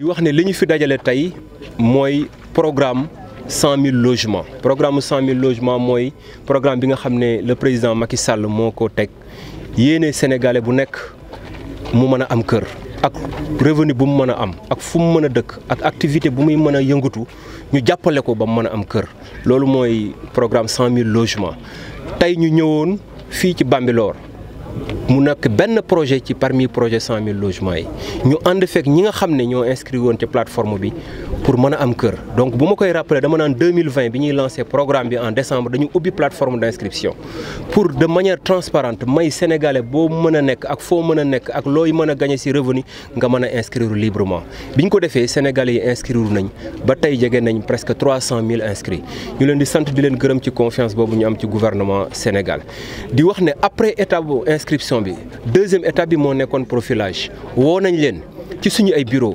yu wax ne li ñu fi dajale tey mooy programme cent mille programme cent mooy programme bi nga xam ne le président Macky Sall moo ko teg yéene sénégalais bu nekk mu mën a am kër ak revenu bu mu mën a am ak fu mu mën a dëkk ak activité bu muy mën a yëngatu ñu jàppale ko ba mu mën a am kër loolu mooy programme cent mille logements tey ñu ñëwoon. Si ci Bambilor mu projet parmi parmi projet 000 logements 000 logements. Nous fekk ñi nga inscrit plateforme pour mon a am kër donc si je koy rappeler en 2020 nous avons lancé programme en décembre nous dañu une plateforme d'inscription. pour de manière transparente may sénégalais les gens qui ont ak foo mën et ak gagné si revenu nga inscrire librement Si ko sénégalais yi inscrire nañ ba tey jege presque 300 000 inscrits Nous leen di sant di leen confiance boobu le gouvernement Sénégal di après étape d'inscription, deuxième étape est le profilage Nous nañ leen ci bureau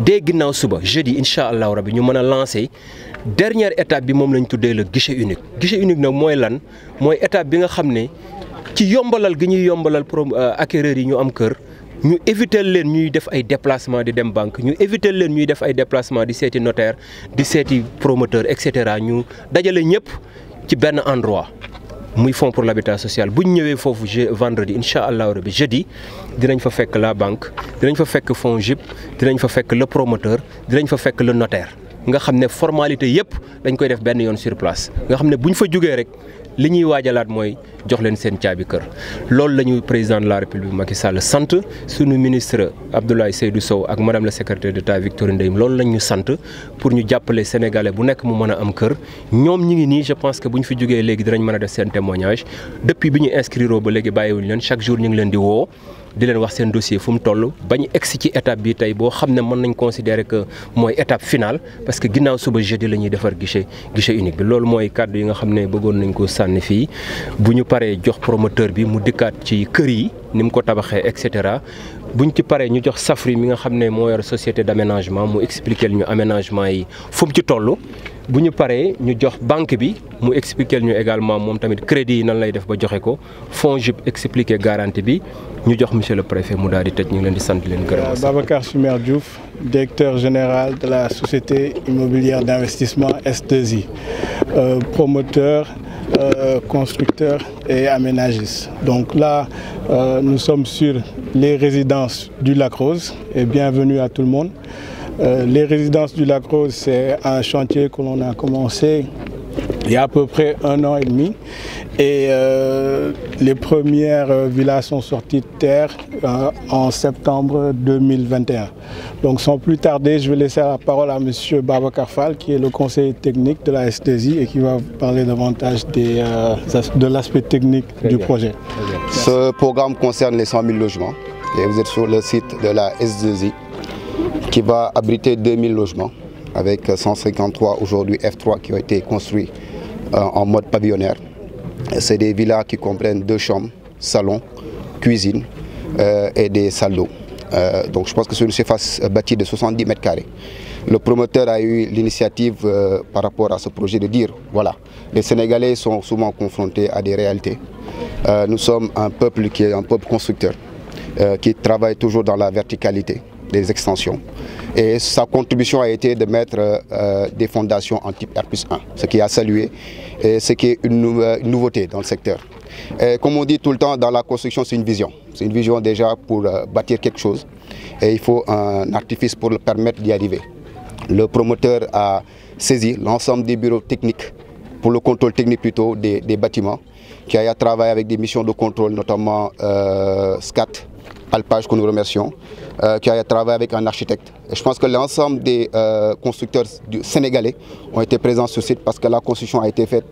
dès ginnaaw suba jeudi incha allahu rabi ñu mën lancer dernière étape bi mom lañ tuddé le guichet unique guichet unique nak moy lan moy étape bi nga xamné ci yombalal gi ñuy yombalal pro euh, yi ñu am kër. ñu éviter leen ñuy def ay déplacement di dem banque ñu éviter leen ñuy def ay déplacement di seeti notaire di seeti promoteur et cetera ñu dajale ñëpp ci ben endroit muy fonds pour l'habitat social buñ ñëwé fofu je vendredi inshallah allahu rabi jeudi dinañ fa fekk la banque dinañ fa fekk fonds JIP dinañ fa fekk le promoteur dinañ fa fekk le notaire nga xamné formalité yépp dañ koy def ben yoon sur place nga xamné buñ fa jugee rek li ñuy waajalaat mooy jox leen seen caabi kër loolu la ñu président de la république Macky Sall sant suñu ministre Abdoulaye Seydou Sow ak madame la secrétaire d'État Victorine Ndeye loolu lañ ñu sant pour ñu jàppale sénégalais bu nekk mu mën a am kër ñoom ñi ngi nii je pense que bu ñu fi jógee léegi dinañ mën a def seen témoignage depuis bi ñu inscrire ba léegi bàyyiwuñ leen chaque jour ñu ngi leen di woo di leen wax seen dossier fum mu toll bañ ci étape bi tey bo, xam mën nañ considérer que moi étape finale parce que ginnaw suba jeudi lañuy ñuy guichet guichet unique bi loolu mooy kàddu yi nga xamné ne bëggoon nañ ko sanni fi buñu paré jox promoteur bi mu dikkat ci kër yi nim ko tabaxé etc buñ ci paré ñu jox Safri mi nga xamné mo yor société d'aménagement mu expliquer ñu aménagement yi fum ci tollu bu ñu paree ñu jox banque bi mu expliquer ñu également mom tamit crédit dans nan lay def ba joxé ko fonds explique expliquer garantie bi ñu jox monsieur le préfet mu daal di tej ñu ngi leen di leen euh, Babacar Soumer Diouf directeur général de la société immobilière d'investissement S2I euh, promoteur euh, constructeur et aménagiste. Donc là nous sommes sur les résidences du Lac Rose et bienvenue à tout le monde. Euh, les résidences du Lac c'est un chantier que l'on a commencé il y a à peu près un an et demi. Et euh, les premières euh, villas sont sorties de terre en septembre 2021. Donc sans plus tarder, je vais laisser la parole à M. Baba Carfal, qui est le conseiller technique de la SDZI et qui va parler davantage de l'aspect technique du projet. Ce programme concerne les 100 000 logements et vous êtes sur le site de la SDZI qui va abriter 2000 logements avec 153 aujourd'hui F3 qui ont été construits euh, en mode pavillonnaire. C'est des villas qui comprennent deux chambres, salon, cuisine euh, et des salles d'eau. Euh, donc je pense que c'est une surface bâtie de 70 mètres carrés. Le promoteur a eu l'initiative par rapport à ce projet de dire, voilà, les Sénégalais sont souvent confrontés à des réalités. nous sommes un peuple qui est un peuple constructeur, qui travaille toujours dans la verticalité des extensions. Et sa contribution a été de mettre euh, des fondations en type R 1, ce qui a salué et ce qui est une, euh, nouveauté dans le secteur. comme on dit tout le temps, dans la construction, c'est une vision. C'est une vision déjà pour euh, bâtir quelque chose et il faut un artifice pour le permettre d'y arriver. Le promoteur a saisi l'ensemble des bureaux techniques, pour le contrôle technique plutôt, des, bâtiments, qui a travaillé avec des missions de contrôle, notamment euh, SCAT, Alpage que nous remercions, euh, qui a travaillé avec un architecte. Et je pense que l'ensemble des euh, constructeurs sénégalais ont été présents sur le site parce que la construction a été faite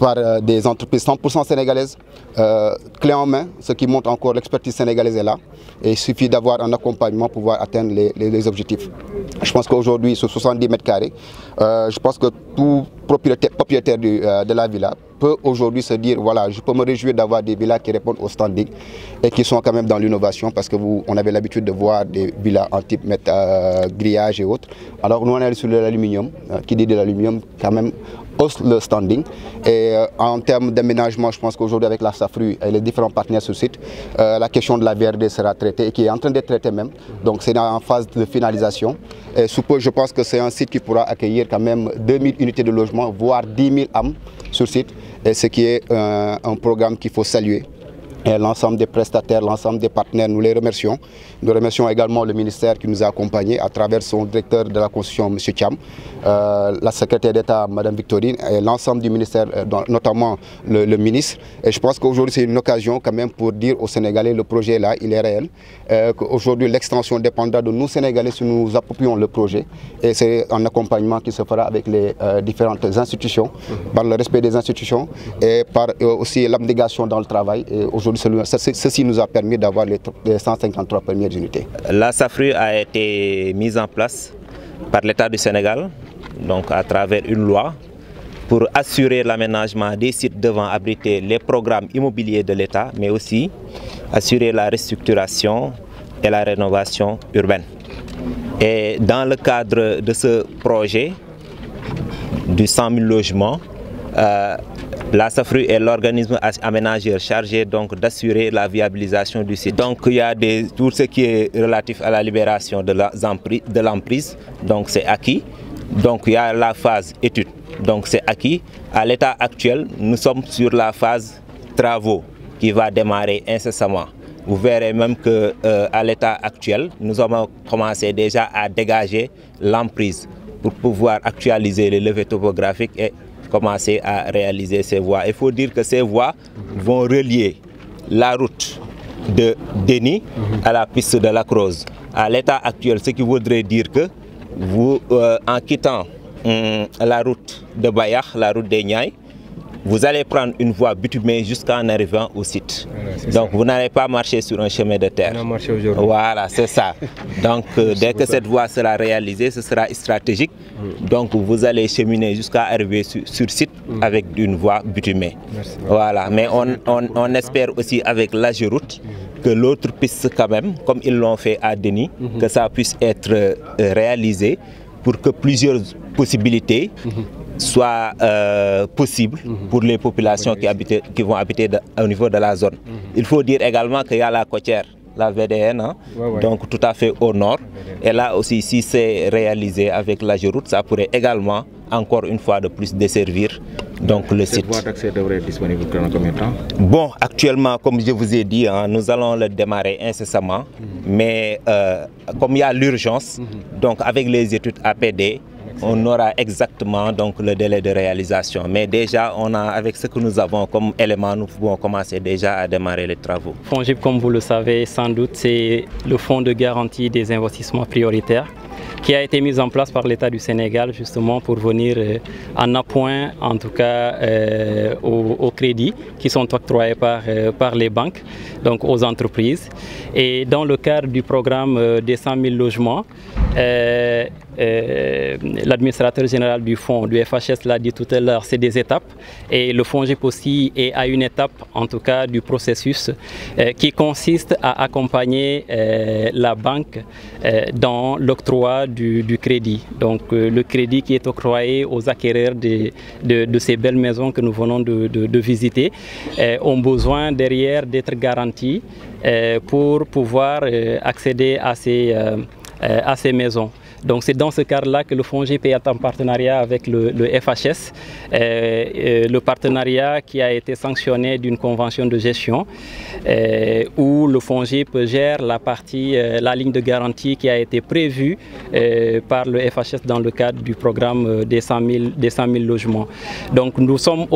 par euh, des entreprises 100% sénégalaises, clé en main, ce qui montre encore l'expertise sénégalaise est là. Et il suffit d'avoir un accompagnement pour pouvoir atteindre les, objectifs. Je pense qu'aujourd'hui, sur 70 mètres carrés, je pense que tout propriétaire, propriétaire du, de la villa peut aujourd'hui se dire, voilà, je peux me réjouir d'avoir des villas qui répondent au standing et qui sont quand même dans l'innovation parce que vous, on avait l'habitude de voir des villas en type euh, grillage et autres. Alors nous, on est sur l'aluminium, euh, qui dit de l'aluminium, quand même, le standing. Et euh, en termes d'aménagement, je pense qu'aujourd'hui avec la SAFRU et les différents partenaires sur site, euh, la question de la VRD sera traitée et qui est en train d'être traitée même. Donc c'est en phase de finalisation. Et je pense que c'est un site qui pourra accueillir quand même 2000 unités de logement, voire 10 000 âmes sur site. Et ce qui est un programme qu'il faut saluer l'ensemble des prestataires, l'ensemble des partenaires, nous les remercions. Nous remercions également le ministère qui nous a accompagnés à travers son directeur de la construction, M. Cham, euh, la secrétaire d'État, Mme Victorine, et l'ensemble du ministère, euh, notamment le, ministre. Et je pense qu'aujourd'hui, c'est une occasion quand même pour dire aux Sénégalais, le projet est là, il est réel. Euh, aujourd'hui, l'extension dépendra de nous, Sénégalais, si nous approprions le projet. Et c'est un accompagnement qui se fera avec les différentes institutions, par le respect des institutions et par aussi l'abnégation dans le travail. Et aujourd'hui, ceci nous a permis d'avoir les 153 premières unités. La SAFRU a été mise en place par l'État du Sénégal, donc à travers une loi pour assurer l'aménagement des sites devant abriter les programmes immobiliers de l'État, mais aussi assurer la restructuration et la rénovation urbaine. Et dans le cadre de ce projet du 100 000 logements, euh, la SAFRU est l'organisme aménageur chargé donc d'assurer la viabilisation du site. Donc il y a des, tout ce qui est relatif à la libération de l'emprise, donc c'est acquis. Donc il y a la phase étude, donc c'est acquis. À l'état actuel, nous sommes sur la phase travaux qui va démarrer incessamment. Vous verrez même qu'à euh, à l'état actuel, nous avons commencé déjà à dégager l'emprise pour pouvoir actualiser les levées topographiques et commencer à réaliser ces voies. Il faut dire que ces voies vont relier la route de Denis à la piste de la Croze. À l'état actuel, ce qui voudrait dire que vous, euh, en quittant hum, la route de Bayach, la route des vous allez prendre une voie bitumée jusqu'en arrivant au site. Donc vous n'allez pas marcher sur un chemin de terre. On a voilà, c'est ça. Donc euh, dès que cette voie sera réalisée, ce sera stratégique. Mm. Donc vous allez cheminer jusqu'à arriver sur, site mm. avec une voie bitumée. Voilà, mais on, espère aussi avec la mm. que l'autre piste quand même, comme ils l'ont fait à Denis, mm-hmm. que ça puisse être euh, réalisé pour que plusieurs possibilités mm-hmm soit euh, possible mhm. pour les populations qui, habitent, qui vont habiter au niveau de la zone. Mhm. Il faut dire également qu'il y a la côtière, la VDN, hein. donc tout à fait au nord. Et là aussi, si c'est réalisé avec la Géroute, ça pourrait également, encore une fois de plus, desservir donc, le Cette site. voie d'accès devrait être disponible pendant combien de temps Bon, actuellement, comme je vous ai dit, hein, nous allons le démarrer incessamment. Mhm. Mais euh, comme il y a l'urgence, donc avec les études APD, on aura exactement donc, le délai de réalisation. Mais déjà, on a, avec ce que nous avons comme élément, nous pouvons commencer déjà à démarrer les travaux. FONGIP, comme vous le savez sans doute, c'est le fonds de garantie des investissements prioritaires qui a été mis en place par l'État du Sénégal justement pour venir euh, en appoint en tout cas euh, aux, crédits qui sont octroyés par, euh, par les banques, donc aux entreprises. Et dans le cadre du programme des 100 000 logements, euh, euh, l'administrateur général du fonds, du FHS, l'a dit tout à l'heure, c'est des étapes. Et le fonds GEP aussi est à une étape, en tout cas, du processus euh, qui consiste à accompagner la banque dans l'octroi du, crédit. Donc, le crédit qui est octroyé aux acquéreurs de, de, ces belles maisons que nous venons de, de visiter ont besoin derrière d'être garantis pour pouvoir accéder à ces euh, à ces maisons. Donc c'est dans ce cadre-là que le Fonds GP est en partenariat avec le, FHS, euh, euh, le partenariat qui a été sanctionné d'une convention de gestion où le Fonds peut gère la partie, la ligne de garantie qui a été prévue par le FHS dans le cadre du programme des 100 000, des logements. Donc nous sommes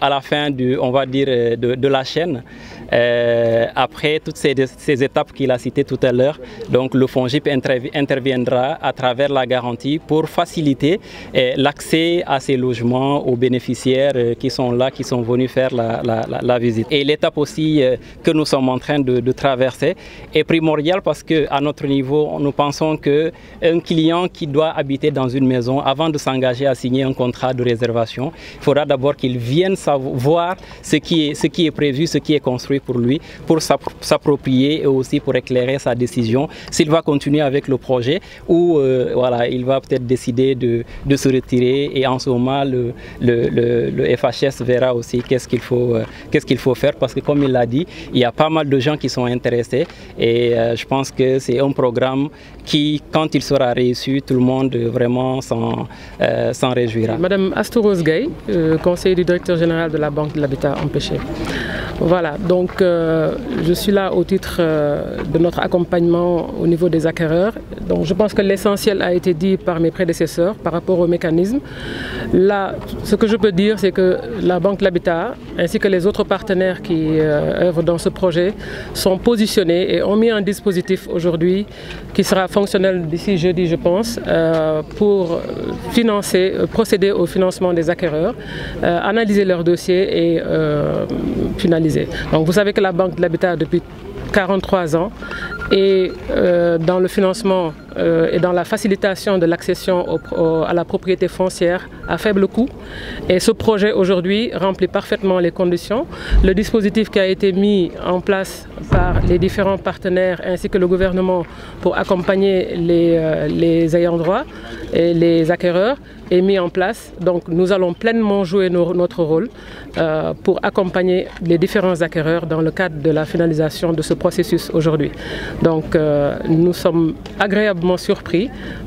à la fin, du, on va dire, de, de la chaîne. Euh, après toutes ces, étapes qu'il a citées tout à l'heure, donc le FONGIP interviendra à travers la garantie pour faciliter euh, l'accès à ces logements aux bénéficiaires euh, qui sont là, qui sont venus faire la, visite. Et l'étape aussi que nous sommes en train de, traverser est primordiale parce qu'à notre niveau, nous pensons qu'un client qui doit habiter dans une maison, avant de s'engager à signer un contrat de réservation, il faudra d'abord qu'il vienne savoir ce qui est prévu, ce qui est construit pour lui, pour s'approprier et aussi pour éclairer sa décision s'il va continuer avec le projet ou euh, voilà, il va peut-être décider de, se retirer et en ce moment le, FHS verra aussi qu'est-ce qu'il faut, euh, qu'est-ce faut faire parce que comme il l'a dit, il y a pas mal de gens qui sont intéressés et euh, je pense que c'est un programme qui, quand il sera réussi, tout le monde vraiment s'en réjouira. Madame Astou Gay, conseiller du directeur général de la Banque de l'Habitat Empêché. Voilà, donc donc, euh, je suis là au titre euh, de notre accompagnement au niveau des acquéreurs. Donc, je pense que l'essentiel a été dit par mes prédécesseurs par rapport au mécanisme. Là, ce que je peux dire, c'est que la Banque l'Habitat, ainsi que les autres partenaires qui euh, œuvrent dans ce projet, sont positionnés et ont mis un dispositif aujourd'hui qui sera fonctionnel d'ici jeudi, je pense, pour financer, procéder au financement des acquéreurs, analyser leurs dossiers et finaliser. Vous savez que la Banque de l'Habitat, depuis 43 ans et euh, dans le financement euh, et dans la facilitation de l'accession à la propriété foncière à faible coût. Et ce projet aujourd'hui remplit parfaitement les conditions. Le dispositif qui a été mis en place par les différents partenaires ainsi que le gouvernement pour accompagner les, euh, ayants droit et les acquéreurs est mis en place. Donc nous allons pleinement jouer notre rôle pour accompagner les différents acquéreurs dans le cadre de la finalisation de ce projet processus aujourd'hui. Donc euh, nous sommes agréablement surpris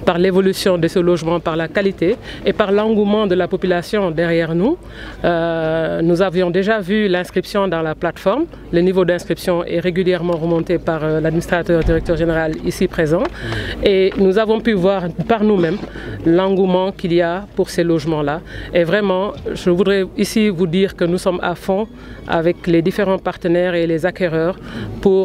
par l'évolution de ce logement, par la qualité et par l'engouement de la population derrière nous. Euh, nous avions déjà vu l'inscription dans la plateforme. Le niveau d'inscription est régulièrement remonté par euh, l'administrateur directeur général ici présent. Et nous avons pu voir par nous-mêmes l'engouement qu'il y a pour ces logements-là. Et vraiment, je voudrais ici vous dire que nous sommes à fond avec les différents partenaires et les acquéreurs pour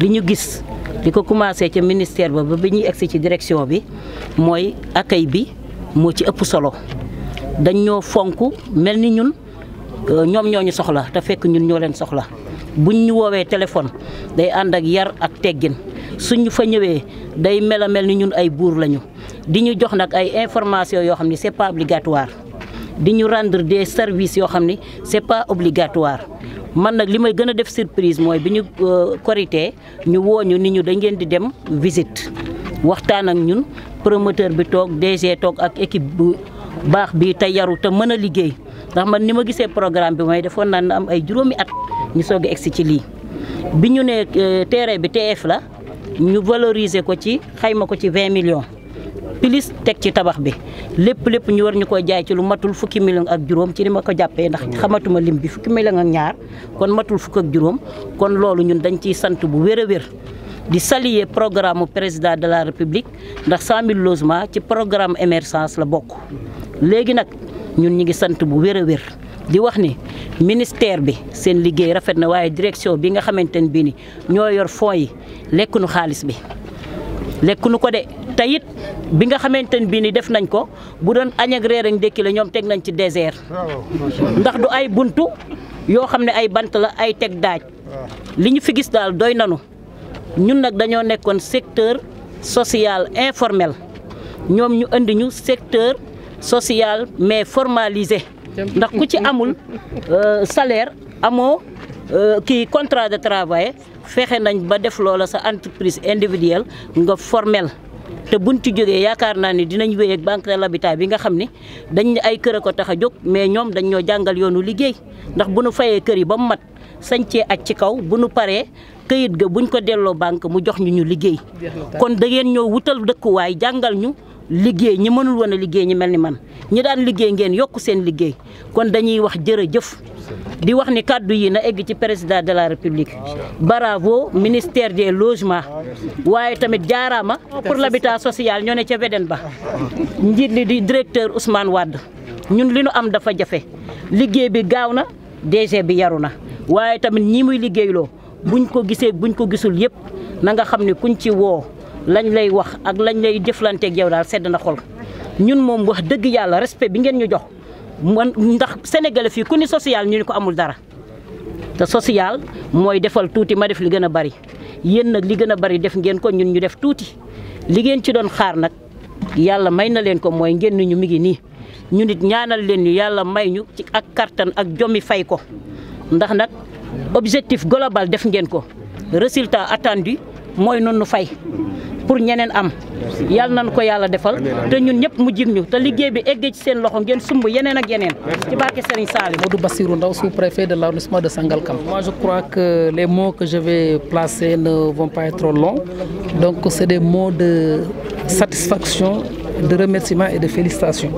liñu gis li commencé ci ministère ba biñu exé ci direction bi moy akay bi mo ci ëpp solo dañ ñoo fonku mel ñun euh, ñom ñoo ñu soxla ta fekk ñun ñoo leen soxla buñ ñu wowe téléphone day and ak yar ak teggin suñu fa ñëwé day mela melni ñun ay bour lañu diñu jox nak ay information yo xamni c'est pas obligatoire diñu rendre des services yo xamni c'est pas obligatoire man nag li may gën a def surprise mooy bi ñu euh, korité ñu wooñu ni ñu da ngeen di dem visite waxtaan ak ñun promoteur bi toog DG toog ak équipe bu baax bi te yaru te mën a liggéey ndax man ni ma gisee programme bi mooy defoon naa na am ay juróomi at ñu soog a egsi ci lii bi ñu ne euh, terrain bi TF la ñu valoriser ko ci xayma ko ci vingt million pilis teg ci tabax bi lépp lépp ñu war ñu koy jaay ci lu matul fukki million ak juróom ci ni ma ko jàppee ndax xamatuma lim bi fukki million ak ñaar kon matul fukk ak juróom kon loolu ñun dañ ciy sant bu wér a wér di saluer programme mu président de la république ndax 100000 logements ci programme émergence la bokk léegi nag ñun ñi ngi sant bu wér a wér di wax ni ministère bi seen liggéey rafet na waaye direction bi nga xamante ne bii ni ñoo yor fonds yi lekk nu xaalis bi lekk te it bi nga xamante ne bii ni def nañ ko bu doon añ ak reer ak ndékki ñoom teg nañ ci désert ndax du ay buntu yoo xam ne ay bant la ay teg daaj li ñu fi gis daal doy nanu ñun nag dañoo nekkoon secteur social informel ñoom ñu indi ñu secteur social mais formalisé ndax ku ci amul euh, salaire amoo euh, kii contrat de travail fexe nañ ba def loola sa entreprise individuelle nga formel te buñ ci jógee yaakaar naa ne dinañ wéy ak banque de l'habitat bi nga xam ne dañ ay kër a ko tax a jóg mais ñoom dañ ñoo jàngal yoonu liggéey ndax bu nu fayee kër yi ba mu mat sañcee ak ci kaw bu nu paree këyit ga buñ ko delloo banque mu jox ñu ñu liggéey kon da ngeen ñoo wutal dëkkuwaay jàngal ñu liggéey ñi mënul woon a liggéey ñi mel ni man ñi daan liggéey ngeen yokk seen liggéey kon dañuy wax jërëjëf di wax ni kàddu yi na egg ci président de la république bravo ministère des logements waaye tamit jaaraama pour l'habitat social ñoo ne ca Védène ba njiit li di directeur Ousmane Wade ñun li nu am dafa jafe liggéey bi gaaw na DG bi yaru na waaye tamit ñi muy liggéeyloo buñ ko gisee buñ ko gisul yëpp na nga xam ne kuñ ci woo lañu lay wax ak lañ lay jëflanteeg yow daal sedd na xol ñun moom wax dëgg yàlla respect bi ngeen ñu jox man ndax sénégalais fii ku ni social ñu ni ko amul dara te social mooy defal tuuti ma def li gën a bari yéen nag li gën a bari def ngeen ko ñun ñu def tuuti li ngeen ci doon xaar nag yàlla may na leen ko mooy ngeen ñu mi ngi nii ñun it ñaanal leen ñu yàlla may ñu ci ak kartan ak jommi fay ko ndax nag objectif golobal def ngeen ko résultat attendu mooy noonu fay pour ñeneen am yal de l'arrondissement moi je crois que les mots que je vais placer ne vont pas être trop longs donc c'est des mots de satisfaction de remerciement et de félicitations.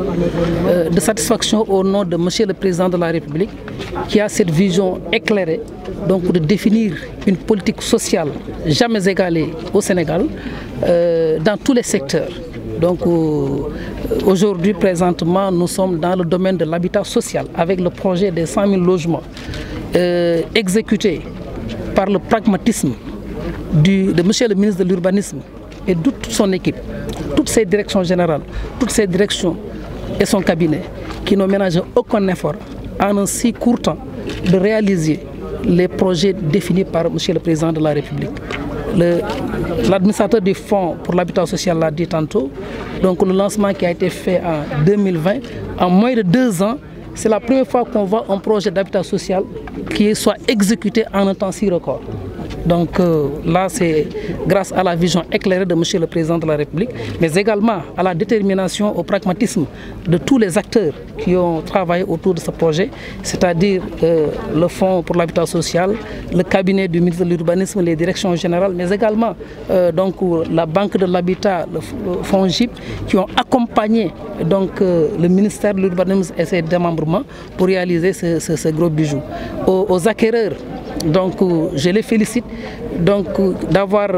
Euh, de satisfaction au nom de Monsieur le Président de la République qui a cette vision éclairée donc de définir une politique sociale jamais égalée au Sénégal euh, dans tous les secteurs. Donc euh, aujourd'hui, présentement, nous sommes dans le domaine de l'habitat social avec le projet des 100 000 logements euh, exécutés par le pragmatisme du, de M. le ministre de l'Urbanisme et de toute son équipe, toutes ses directions générales, toutes ses directions et son cabinet qui n'ont ménagé aucun effort en un si court temps de réaliser les projets définis par M. le Président de la République l'administrateur du fonds pour l'habitat social l'a dit tantôt. Donc le lancement qui a été fait en 2020, en moins de deux ans, c'est la première fois qu'on voit un projet d'habitat social qui soit exécuté en un temps si record. Donc euh, là, c'est grâce à la vision éclairée de M. le Président de la République, mais également à la détermination, au pragmatisme de tous les acteurs qui ont travaillé autour de ce projet, c'est-à-dire euh, le Fonds pour l'habitat social, le cabinet du ministre de l'Urbanisme, les directions générales, mais également euh, donc, la Banque de l'Habitat, le Fonds GIP, qui ont accompagné donc, le ministère de l'Urbanisme et ses démembrements pour réaliser ce, gros bijou. aux acquéreurs, donc euh, je les félicite euh, d'avoir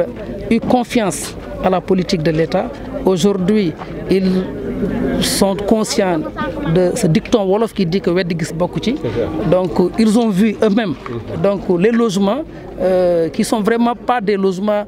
eu confiance à la politique de l'État. Aujourd'hui, ils sont conscients de ce dicton Wolof qui dit que Wedigis Donc euh, ils ont vu eux-mêmes mhm. donc les logements qui sont vraiment pas des logements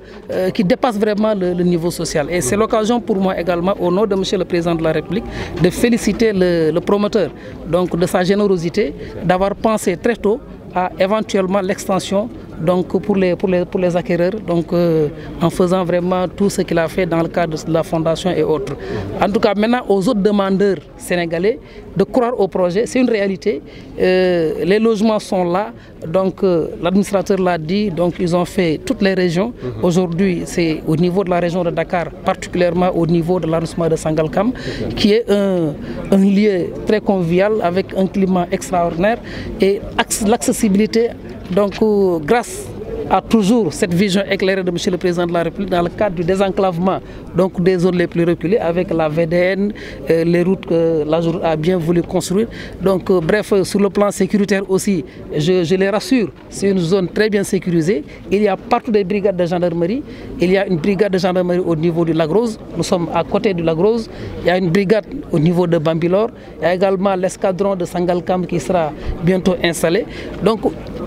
qui dépassent vraiment le, niveau social. Et c'est mhm. l'occasion pour moi également, au nom de M. le Président de la République, de féliciter le, promoteur donc de sa générosité, d'avoir pensé très tôt à éventuellement l'extension donc pour les, pour les, pour les acquéreurs, donc, euh, en faisant vraiment tout ce qu'il a fait dans le cadre de la fondation et autres. En tout cas, maintenant, aux autres demandeurs sénégalais de croire au projet, c'est une réalité. Euh, les logements sont là, donc euh, l'administrateur l'a dit, donc ils ont fait toutes les régions. Mhm. Aujourd'hui, c'est au niveau de la région de Dakar, particulièrement au niveau de l'arrondissement de Sangalkam, qui est un, un, lieu très convivial avec un climat extraordinaire et l'accessibilité donc, euh, grâce à toujours cette vision éclairée de M. le Président de la République dans le cadre du désenclavement donc des zones les plus reculées avec la VDN, euh, les routes que la journée a bien voulu construire. Donc euh, bref, sur le plan sécuritaire aussi, je, les rassure, c'est une zone très bien sécurisée. Il y a partout des brigades de gendarmerie. Il y a une brigade de gendarmerie au niveau de Lac Grosse, Nous sommes à côté de Lac Grosse, Il y a une brigade au niveau de Bambilor. Il y a également l'escadron de Sangalkam qui sera bientôt installé. Donc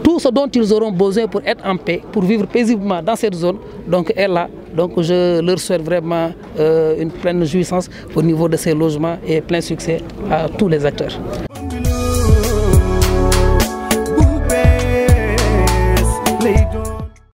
tout ce dont ils auront besoin pour être en paix, pour vivre paisiblement dans cette zone, donc est là. Donc je leur souhaite vraiment euh, une pleine jouissance au niveau de ces logements et plein succès à tous les acteurs.